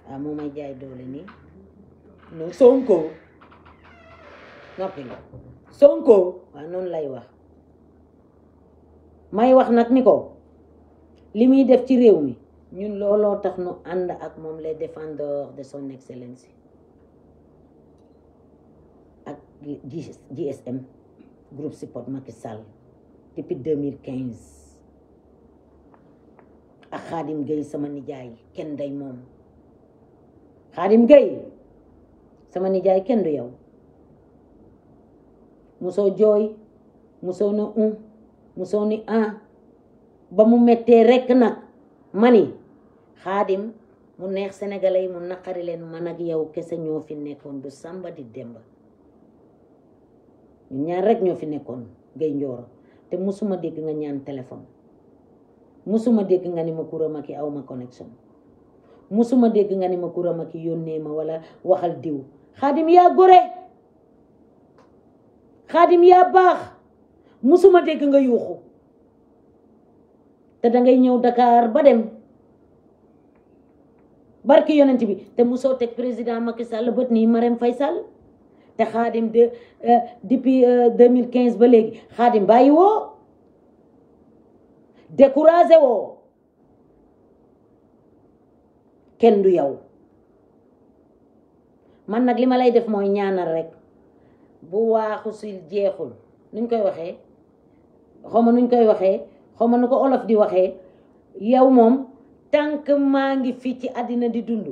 waaw ah, moo may jaay doole nii Sonko noppi nga Sonko waaw noonu lay wax may wax nag ni ko li muy def ci réew mi ñun looloo tax nu ànd ak moom les défendeurs de son excellence ak GSM groupe support Macky Sall depuis 2015 ak Xaadim Gueye sama nijaay kenn day moom Xaadim Gueye sama nijaay kenn du yow musoo jooy musoo na un musoo ni un ba mu mettee rekk nag mani Xaadim mu neex sénégalais yi mu naqari leen man ak yow kese ñoo fi nekkoon du Samba di Demba ñaar rek ñoo fi nekkoon gay njooro te musuma dégg nga ñaan téléphone musuma dégg nga ni ma connection, musu aw ma connexion musuma dégg nga ni ma Coura Macky yónnee ma wala waxal diw xaadim yaa gore xaadim yaa baax musuma dégg nga yuuxu te dangay ñëw Dakar ba dem barki yonent bi te muso tek président Macky Sall bët nii Marème Faye te xaadim de euh, depuis euh, deux mille quinze ba léegi xaadim bàyyi woo découragé woo kenn du yow man nag li ma lay def mooy ñaanal rek bu waaxu si jeexul nuñ koy waxee xaw nuñ koy waxee xaw ma nu ko olof di waxee yow moom tànk maa ngi fii ci àddina di dund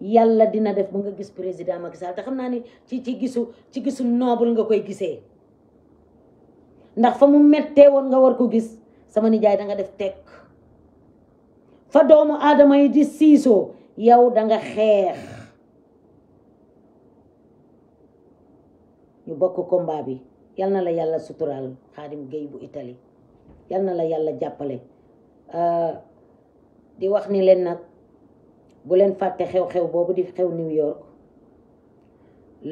yàlla dina def ba nga gis président Macky Sall te xam naa ni ci ci gisu ci gisu noble nga koy gisee ndax fa mu mette woon nga war ko gis sama nijaay danga def tekk fa doomu aadama yi di siisoo yow danga xeex ñu bokk combat bi yal na la yàlla suturaal Xaadim Géy bu Italie yal na la yàlla jàppale euh, di wax ni leen nag bu leen fàtte xew-xew boobu di xew New York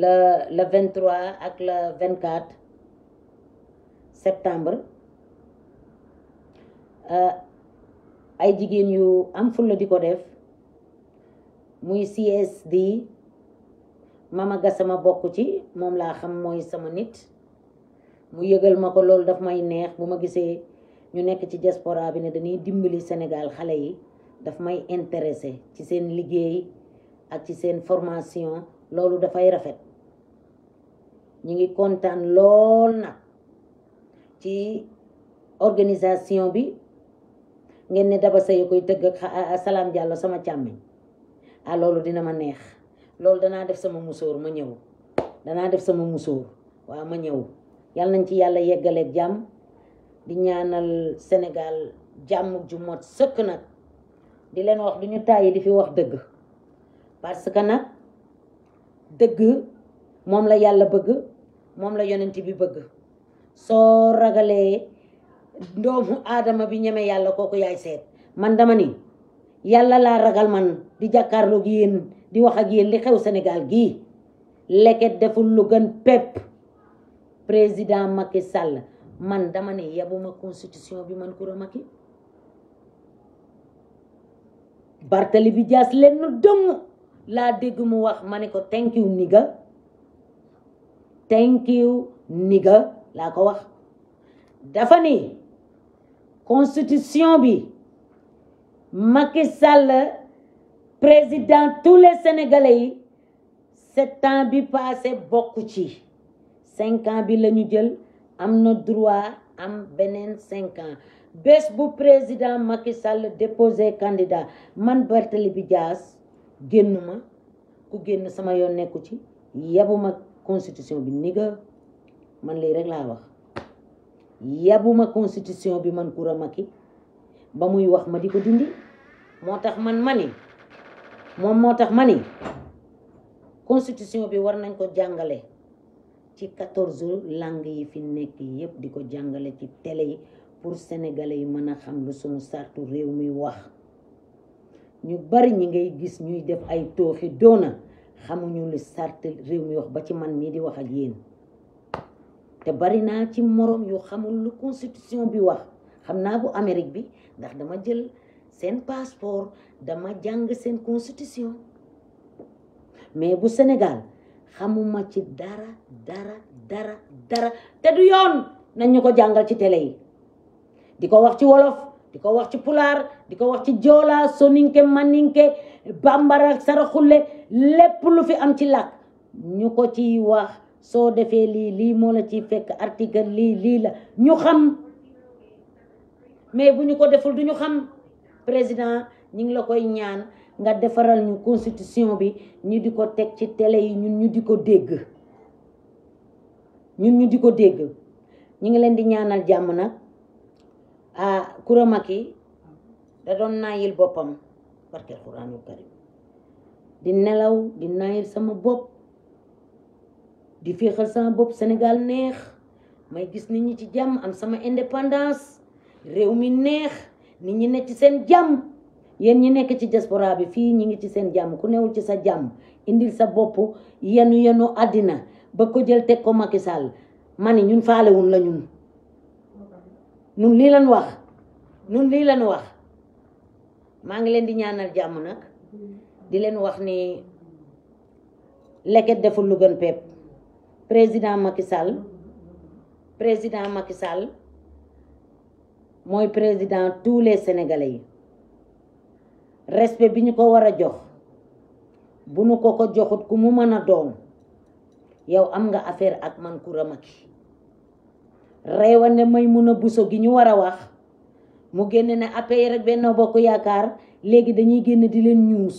le le 23 ak la le 24 septembre euh, ay jigéen yu am fulla di ko def muy CSD Mama sama bokk ci moom laa xam mooy sama nit mu yëgal ma ko loolu daf may neex bu ma gisee ñu nekk ci diaspora bi ne dañuy dimbali senegal xale yi dafa may intéressé ci seen liggéey ak ci seen formation loolu dafay rafet ñu ngi kontaan lool nag ci organisation bi ngeen ni Daba Seye koy tëgg ak Salam Diallo sama càmmiñ loolu dina ma neex loolu danaa def sama musóor ma ñëw danaa def sama musóor waaw ma ñëw yal nañ ci yàlla yeggaleeg jàmm di ñaanal Sénégal jàmm ju mot sëkk nag di leen wax duñu tàyyi di fi wax dëgg parce que nag dëgg moom la yàlla bëgg mom la yonent bi bëgg soo ragalee doomu aadama bi ñeme yàlla kooku yaay seet man dama ni ragal man di jàkkaarloog di wax ak yéen li xew leket deful lu gën pépp président Macky Sall man dama ne yabuma constitution bi man Coura Barthélemy Dias len dong la la mu wax thank you nigga thank you nigga la ko wax constitution bi Macky Sall président tous les sénégalais sept ans bi passé beaucoup ci cinq ans bi le droit am benen cinq ans bés bu président Macky Sall déposé candidat man bi gaas génn ma ku génn sama yoon nekku ci yabuma constitution bi niga man lii rek laa wax yebuma constitution bi man a Macky ba muy wax ma di ko dindi moo tax man mani moom moo tax mani constitution bi war nañ ko jàngale ci quatorze langues yi fi nekk yépp di ko jàngale ci télé yi pour sénégalais yi mëna xam lu sunu sartu réew mi wax ñu bari ñi ngay gis ñuy def ay tooxi doona xamuñu lu sart réew mi wax ba ci man mii di wax ak yeen te bari na ci morom yu xamul lu constitution bi wax xamna bu Amérique bi ndax dama jël sen passeport dama jang sen constitution mais bu Sénégal xamuma ci dara dara dara dara té du yoon nañ ñu ko ci télé yi di ko wax ci wolof di ko wax ci pulaar di ko wax ci joola soninke maninke bambara saraxule lépp lu fi am ci làkk ñu ko ci wax soo defee lii lii moo la ci fekk article lii lii la ñu xam mais bu ñu ko deful du ñu xam président ñu ngi la koy ñaan nga defaral ñu constitution bi ñu di ko teg ci télé yi ñun ñu di ko dégg ñun ñu di ko dégg ñu ngi leen di ñaanal jàmm nag ah Coura Macky da doon naayil boppam barke Alxuraanul di nelaw di naayil sama bopp di féexal sama bopp Sénégal neex may gis nit ñi ci jàmm am sama indépendance réew mi neex nit ñi nekk ci seen jàmm yéen ñi nekk ci diaspora bi fii ñi ngi ci seen jàmm ku newul ci sa jàmm indil sa bopp yenu yenu àddina ba ko jël teg ko Macky Sall ma ñun faalewun la ñun nun lii lañ wax nun lii lañ wax maa ngi leen di ñaanal jàmm nag di leen wax ni leket deful lu gën pepp président Macky Sall président Macky mooy président tous les sénégalais yi respect bi ñu ko war a jox bu nu ko ko joxut ku mu mën a doom yow am nga affaire ak man Coura Macky may muna buso gi ñu wara warawah. wax mu génn ne APR rek Benno bokku yaakar léegi dañuy genn di news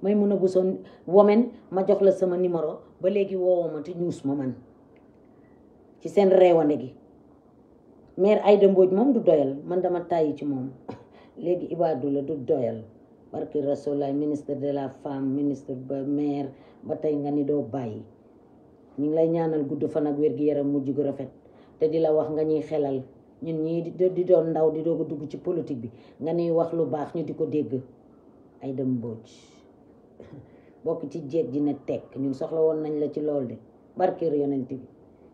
may muna buso women ma jox la sama numéro ba léegi woowoo ma te news ma man ci sen rewane gi mère Aïda Mbodj mom du doyal man dama tayi ci mom (coughs) ibadou la du doyal barki rasoulay ministre de la femme ministre ba mère ba tey nga ni do bàyyi ñing lay ñaanal guddu fan ak wër gi yaram gu rafet te di la wax nga ñuy xelal ñun ñii di doon ndaw di doog a dugg ci politique bi nga ñuy wax lu baax ñu di ko dégg ay dem mbooj bokk ci jeeg ji ne teg ñun soxla woon nañ la ci lool de barkeer yonent bi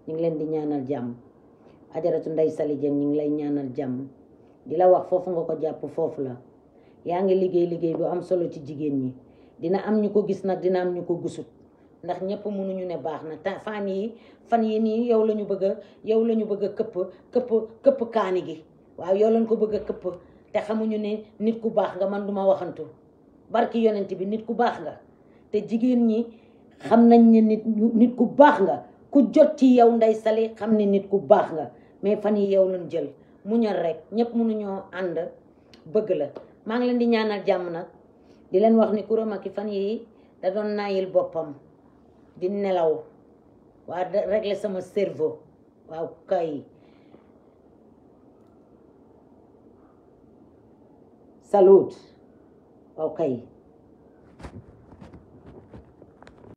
ñu ngi leen di ñaanal jàmm ajaratu ndey sali jën ñu ngi lay ñaanal jàmm di la wax foofu nga ko jàpp foofu la yaa ngi liggéey liggéey bu am solo ci jigéen ñi dina am ñu ko gis nag dina am ñu ko gisut ndax ñëpp mënuñu ne baax na te yi fan yi nii yow la ñu bëgg yow la ñu bëgg a këpp këpp kaani gi waaw yow lañ ko bëgg a këpp te xamuñu ne nit ku baax nga man duma waxantu barki yonent bi nit ku baax nga te jigéen ñi xam nañ ne nit nit ku baax nga ku jot ci yow nday sali xam ne nit ku baax nga mais fan yi yow lañ jël mu muñal rek ñëpp mënuñoo ànd bëgg la maa ngi leen di ñaanal jàmm nag di leen wax ni Coura Macky fan yi da doon naayil boppam di nelaw waa régler sama servo waaw kay salut waaw kay